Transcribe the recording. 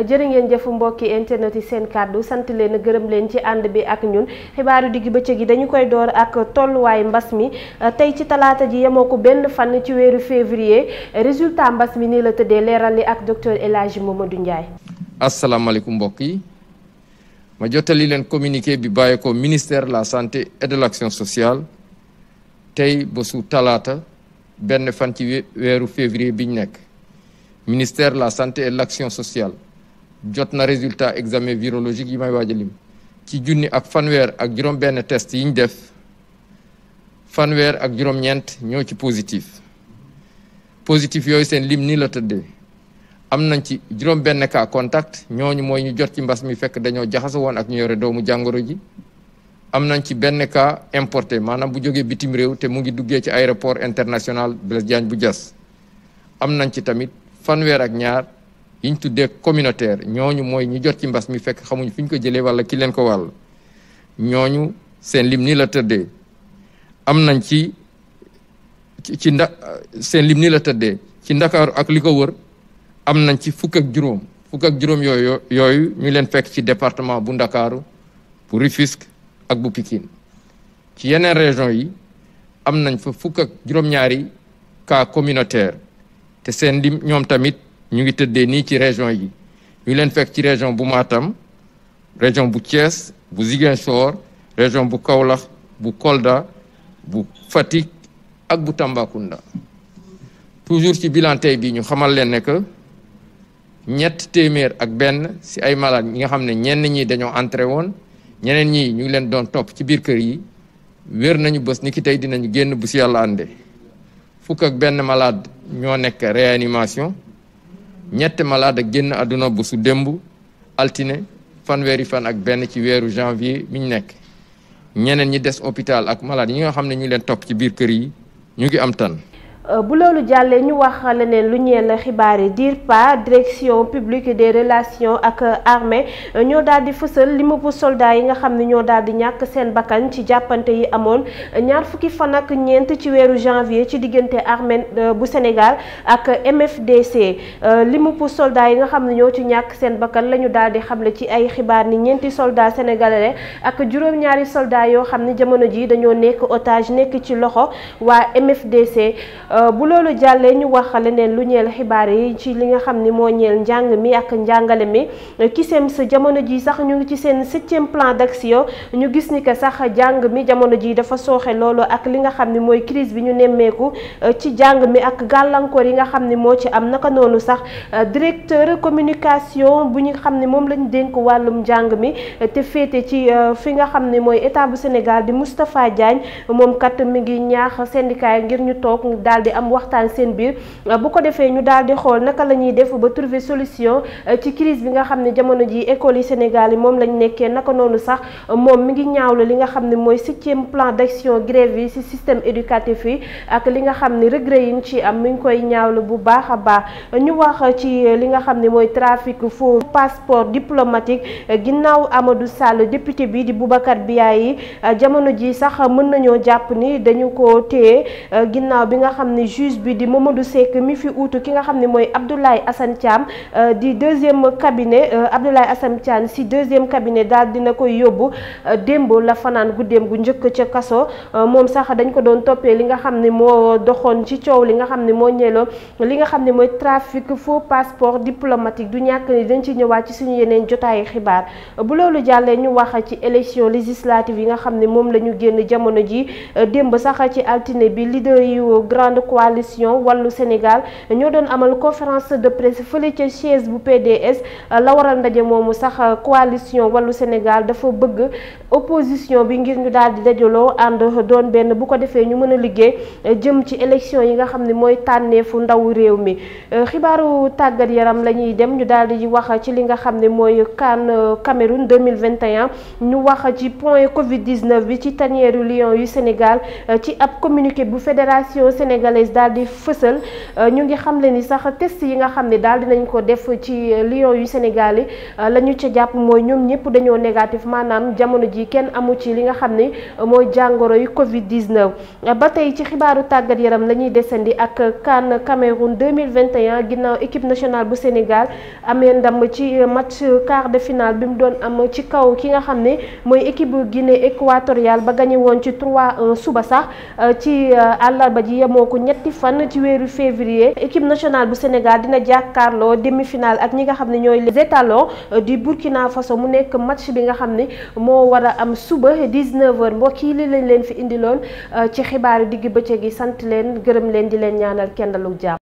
jërë ngeen jëf mbokki internet yi seen kàddu sant leen gërëm leen ci ànd bi ak ñun xibaaru digg bëccëg yi dañu koy door ak tolluwaay mbas mi tey ci talaata ji yemoo ko benn fan ci weeru février résultat mbas mi nii la tëddee leeral li ak docteur El Hadji Mamadou Ndiaye. asalaamaaleykum mbokk yi ma jottali leen communiqué bi bàyyi ko ministère la santé et de l' sociale tey bésu su talaata benn fan ci weeru février biñ nekk ministère la santé et de sociale. jot na résultat examen virologique yi may waaj a lim ci junni ak fanweer ak juróom-benn test yi ñu def fanweer ak juróom-ñeent ñoo ci positif positif yooyu seen lim nii la tëddee am nañ ci juróom-benn cas contact ñooñu mooy ñu jot ci mbas mi fekk dañoo jaxaso woon ak ñu yore doomu jàngoro ji am nañ ci benn ka importé maanaam bu jógee bitim réew te mu ngi duggee ci aéroport international Blaise Diagne bu jas am nañ ci tamit fanweer ak ñaar. yiñ tuddee communautaire ñooñu mooy ñu jot ci mbas mi fekk xamuñ fi ñu ko jëlee walla ki leen ko wàll ñooñu seen lim nii la tëddee am nañ ci ci nda seen lim ni la tëddee ci ndakaaru ak li ko wër am nañ ci fukk ak juróom fukk ak juróom yooyu yooyu ñu leen fekk ci département bu ndakaaru bu rifisk ak bu Pikine ci yeneen région yi am nañ fa fukk ak juróom-ñaari cas communautaire te seen lim ñoom tamit ñu ngi tëddee nii ci région yi ñu leen fekk ci région bu maatam région bu Thiès bu soor région bu Kaolack bu Kolda bu Fatick ak bu Tambacounda toujours ci bilan tey bi ñu xamal leen ne que ñett téeméer ak benn si ay malade ñi nga xam ne ñenn ñi dañoo entré woon ñeneen ñi ñu ngi leen doon topp ci biir kër yi wér nañu bës ni ki tey dinañu génn bu si yàlla ànde fukk ak benn malade ñoo nekk réanimation ñetti malade génn àdduna bu su démb altine fanweeri fan ak benn ci weeru janvier mi ñu nekk ñeneen ñi des hôpital ak malade ñi nga xam ne ñu leen topp ci biir kër yi ñu ngi am tan Euh, bu loolu jàllee ñu wax leneen lu ñeel xibaar yi pa direction publique des relations ak armée euh, ñoo daal di fësal li mu soldats yi nga xam ne ñoo daal di ñàkk seen bakkan ci jàppante yi amoon euh, ñaar fukki fan ak ñeent ci weeru janvier ci diggante armée bu Sénégal ak MFDC li mu soldats yi nga xam ne ñoo ci ñàkk seen bakkan la ñu daal di xamle ci ay xibaar ni ñeenti soldats sénégalais ak juróom-ñaari soldats yoo xam ne jamono ji dañoo nekk otage nekk ci loxo waa MFDC. Euh, bu loolu jàllee ñu wax leneen lu ñeel xibaar yi ci li nga xam ni moo ñeel njàng mi ak njàngale mi euh, kisem sa jamono ji sax ñu ngi ci seen septième plan d'action ñu gis ni que sax jàng mi jamono ji dafa sooxe loolu ak li nga xam ni mooy crise bi ñu nemmeeku euh, ci jàng mi ak gàllankoor yi nga xam ni moo ci am naka noonu sax directeur communication bu ñu xam ni moom lañ dénk wàllum njàng mi te féete ci fi nga xam ni mooy état bu Sénégal di Moustapha Diagne moom kat mi ngi ñaax syndicat yi ngir ñu toog daal daal di am waxtaan seen biir euh, bu ko defee ñu daal di xool naka la ñuy def ba trouver solution euh, ci crise bi nga xam ne jamono ji école yi Sénégal yi moom lañ nekkee naka noonu sax euh, moom mi ngi ñaawlu li nga xam ne mooy septième plan d'action grève yi ci système éducatif yi ak li nga xam ne regret yi ci am mi ngi koy ñaawlu bu baax a baax ñu wax ci li nga xam ne mooy trafic faux passeport diplomatique ginnaaw Amadou Sall député bi di bi Biaye yi jamono ji sax mën nañoo jàpp ni dañu ko téye ginnaaw bi nga xam xam ne juge bi di Mamadou Seck mi fi uutu ki nga xam ne mooy Abdoulaye Assane Thiam euh, di deuxième cabinet euh, Abdoulaye Assane Thiam si deuxième cabinet daal dina koy yóbbu euh, démb la fanaan guddeem gu njëkk ca kaso moom sax dañ ko doon toppee li nga xam ne moo doxoon ci coow li nga xam ne moo ñeeloo li xam ne mooy trafic faux passeport diplomatique du ñàkk ni dañ ci ñëwaat ci suñu yeneen jotaayu xibaar bu loolu jàllee ñu wax ci élection législative yi nga xam ne moom lañu génn jamono ji coalition wàllu Sénégal ñu doon amal conférence de presse fële ci chaise bu PDS la waral ndaje momu sax coalition wàllu Sénégal dafa bëgg opposition bi ngir ñu daldi di and ànd doon benn bu ko défé ñu mëna liggé jëm ci élection yi nga xamné moy mooy fu ndaw réew mi xibaaru tagat yaram lañuy dem ñu daldi di wax ci li nga xamné moy CAN Cameroun 2021 ñu wax ci point Covid 19 bi ci tanière lion yu Sénégal ci ab communiqué bu fédération Sénégal sénégalaise daal di fësal euh, ñu ngi xam le ni sax test yi nga xam ne daal dinañ ko def ci euh, lion yu Sénégal yi euh, la ñu ca jàpp mooy ñoom ñëpp dañoo négatif maanaam jamono ji kenn amu ci li nga xam ne mooy jàngoro yu Covid 19. ba tey ci xibaaru tàggat yaram la ñuy desandi ak CAN Cameroun 2021 ginnaaw équipe nationale bu Sénégal amee ndam ci match quart de finale bi mu doon am ci kaw ki nga xam ne mooy équipe bu Guinée équatoriale ba gañe woon ci 3 suba sax ci àllarba ji yemoo ko ñetti fan ci weeru février équipe nationale bu Sénégal dina jàkkaarloo demi-finale ak ñi nga xam ne ñooy les étalons euh, du Burkina Faso mu nekk match bi nga xam ne moo war a am suba 19h mbokk yi li lañ leen fi indiloon euh, ci xibaaru digg bëccëg yi sant leen gërëm leen di leen ñaanal kenn lu jaam